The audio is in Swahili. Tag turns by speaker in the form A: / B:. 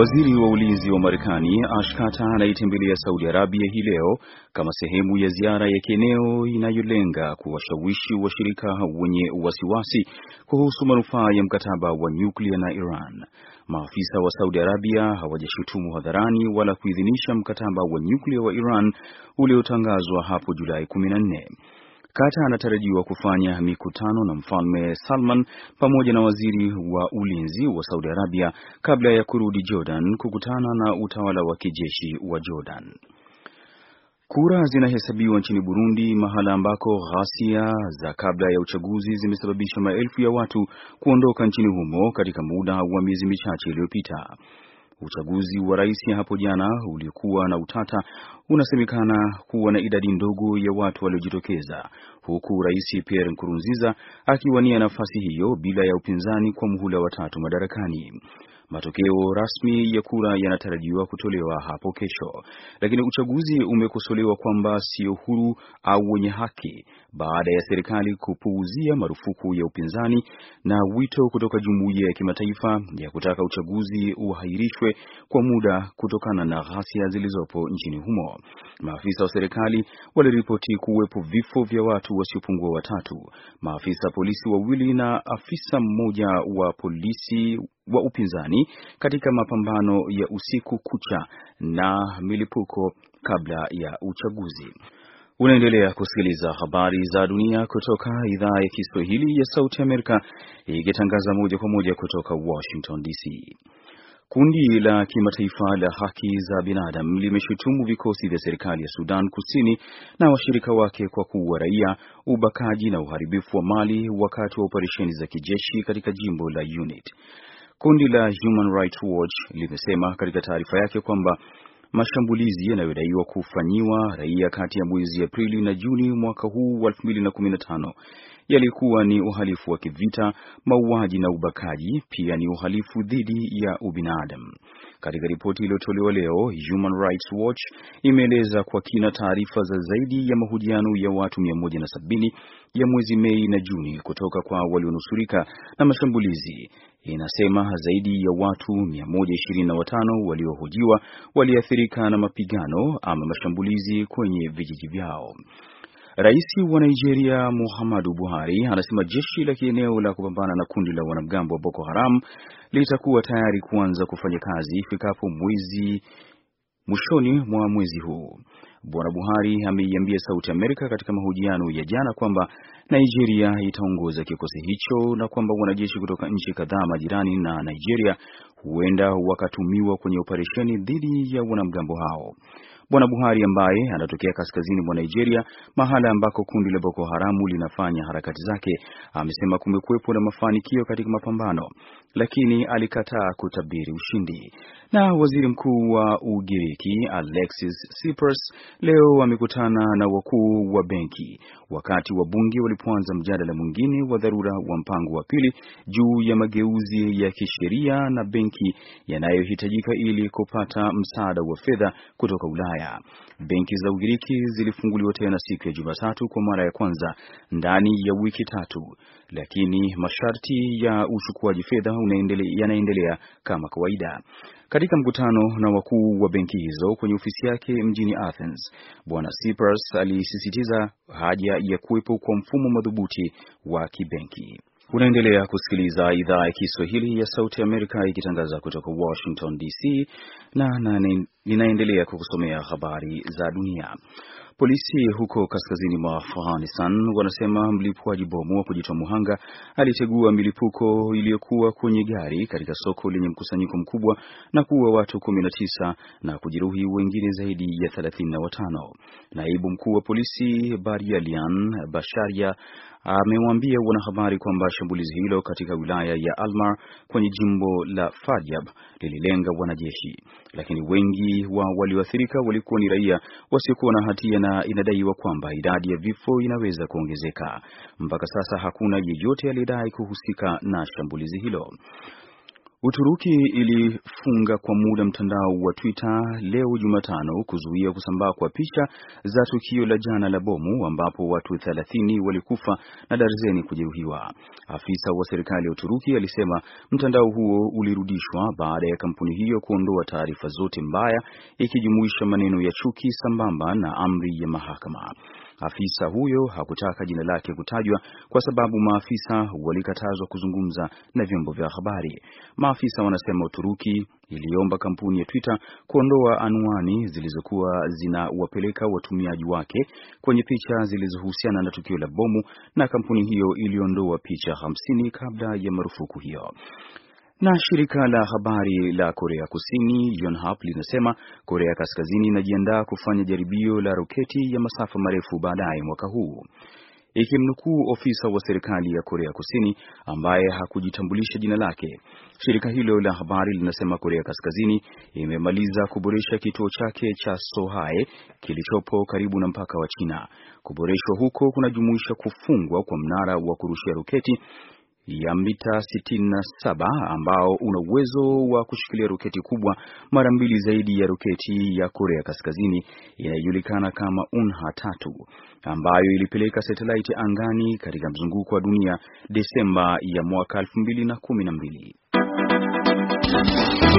A: Waziri wa ulinzi wa Marekani Ash Carter anaitembelea Saudi Arabia hii leo kama sehemu ya ziara ya kieneo inayolenga kuwashawishi washirika wenye wasiwasi kuhusu manufaa ya mkataba wa nyuklia na Iran. Maafisa wa Saudi Arabia hawajashutumu hadharani wala kuidhinisha mkataba wa nyuklia wa Iran uliotangazwa hapo Julai 14 kata anatarajiwa kufanya mikutano na Mfalme Salman pamoja na waziri wa ulinzi wa Saudi Arabia kabla ya kurudi Jordan kukutana na utawala wa kijeshi wa Jordan. Kura zinahesabiwa nchini Burundi, mahala ambako ghasia za kabla ya uchaguzi zimesababisha maelfu ya watu kuondoka nchini humo katika muda wa miezi michache iliyopita. Uchaguzi wa rais hapo jana uliokuwa na utata unasemekana kuwa na idadi ndogo ya watu waliojitokeza, huku Rais Pierre Nkurunziza akiwania nafasi hiyo bila ya upinzani kwa muhula wa tatu madarakani. Matokeo rasmi ya kura yanatarajiwa kutolewa hapo kesho, lakini uchaguzi umekosolewa kwamba sio huru au wenye haki baada ya serikali kupuuzia marufuku ya upinzani na wito kutoka jumuiya ya kimataifa ya kutaka uchaguzi uahirishwe kwa muda kutokana na ghasia zilizopo nchini humo. Maafisa wa serikali waliripoti kuwepo vifo vya watu wasiopungua watatu, maafisa polisi wawili na afisa mmoja wa polisi wa upinzani katika mapambano ya usiku kucha na milipuko kabla ya uchaguzi. Unaendelea kusikiliza habari za dunia kutoka idhaa ya Kiswahili ya Sauti Amerika ikitangaza moja kwa moja kutoka Washington DC. Kundi la kimataifa la haki za binadamu limeshutumu vikosi vya serikali ya Sudan Kusini na washirika wake kwa kuua raia, ubakaji na uharibifu wa mali wakati wa operesheni za kijeshi katika jimbo la Unity. Kundi la Human Rights Watch limesema katika taarifa yake kwamba mashambulizi yanayodaiwa kufanyiwa raia kati ya mwezi Aprili na Juni mwaka huu wa 2015 yalikuwa ni uhalifu wa kivita, mauaji na ubakaji, pia ni uhalifu dhidi ya ubinadamu. Katika ripoti iliyotolewa leo, Human Rights Watch imeeleza kwa kina taarifa za zaidi ya mahojiano ya watu 170 ya mwezi Mei na Juni kutoka kwa walionusurika na mashambulizi. Inasema zaidi ya watu 125 waliohojiwa waliathirika na mapigano ama mashambulizi kwenye vijiji vyao. Rais wa Nigeria Muhammadu Buhari anasema jeshi la kieneo la kupambana na kundi la wanamgambo wa Boko Haram litakuwa tayari kuanza kufanya kazi ifikapo mwezi mwishoni mwa mwezi huu. Bwana Buhari ameiambia Sauti Amerika katika mahojiano ya jana kwamba Nigeria itaongoza kikosi hicho na kwamba wanajeshi kutoka nchi kadhaa majirani na Nigeria huenda wakatumiwa kwenye operesheni dhidi ya wanamgambo hao. Bwana Buhari ambaye anatokea kaskazini mwa Nigeria, mahala ambako kundi la Boko Haramu linafanya harakati zake, amesema kumekuwepo na mafanikio katika mapambano, lakini alikataa kutabiri ushindi. Na waziri mkuu wa Ugiriki Alexis Tsipras leo amekutana na wakuu wa benki wakati wa bunge walipoanza mjadala mwingine wa dharura wa mpango wa pili juu ya mageuzi ya kisheria na benki yanayohitajika ili kupata msaada wa fedha kutoka Ulaya. Ulaya. Benki za Ugiriki zilifunguliwa tena siku ya Jumatatu kwa mara ya kwanza ndani ya wiki tatu, lakini masharti ya uchukuaji fedha yanaendelea kama kawaida. Katika mkutano na wakuu wa benki hizo kwenye ofisi yake mjini Athens, Bwana Tsipras alisisitiza haja ya kuwepo kwa mfumo madhubuti wa kibenki. Unaendelea kusikiliza idhaa ya Kiswahili ya Sauti ya Amerika ikitangaza kutoka Washington DC, na, na ninaendelea kukusomea habari za dunia. Polisi huko kaskazini mwa Afghanistan wanasema mlipuaji bomu wa kujitoa muhanga alitegua milipuko iliyokuwa kwenye gari katika soko lenye mkusanyiko mkubwa na kuua watu 19 na kujeruhi wengine zaidi ya 35. Naibu mkuu wa polisi Baryalian Basharia amewaambia wanahabari kwamba shambulizi hilo katika wilaya ya Almar kwenye jimbo la fajab lililenga wanajeshi, lakini wengi wa walioathirika walikuwa ni raia wasiokuwa na hatia, na inadaiwa kwamba idadi ya vifo inaweza kuongezeka. Mpaka sasa hakuna yeyote aliyedai kuhusika na shambulizi hilo. Uturuki ilifunga kwa muda mtandao wa Twitter leo Jumatano kuzuia kusambaa kwa picha za tukio la jana la bomu ambapo watu 30 walikufa na darzeni kujeruhiwa. Afisa wa serikali ya Uturuki alisema mtandao huo ulirudishwa baada ya kampuni hiyo kuondoa taarifa zote mbaya ikijumuisha maneno ya chuki sambamba na amri ya mahakama. Afisa huyo hakutaka jina lake kutajwa kwa sababu maafisa walikatazwa kuzungumza na vyombo vya habari. Maafisa wanasema Uturuki iliomba kampuni ya Twitter kuondoa anwani zilizokuwa zinawapeleka watumiaji wake kwenye picha zilizohusiana na tukio la bomu, na kampuni hiyo iliondoa picha hamsini kabla ya marufuku hiyo. Na shirika la habari la Korea Kusini Yonhap linasema Korea Kaskazini inajiandaa kufanya jaribio la roketi ya masafa marefu baadaye mwaka huu. Ikimnukuu ofisa wa serikali ya Korea Kusini ambaye hakujitambulisha jina lake, shirika hilo la habari linasema Korea Kaskazini imemaliza kuboresha kituo chake cha Sohae kilichopo karibu na mpaka wa China. Kuboreshwa huko kunajumuisha kufungwa kwa mnara wa kurushia roketi ya mita 67 ambao una uwezo wa kushikilia roketi kubwa mara mbili zaidi ya roketi ya Korea Kaskazini inayojulikana kama Unha tatu ambayo ilipeleka satelaiti angani katika mzunguko wa dunia Desemba ya mwaka 2012.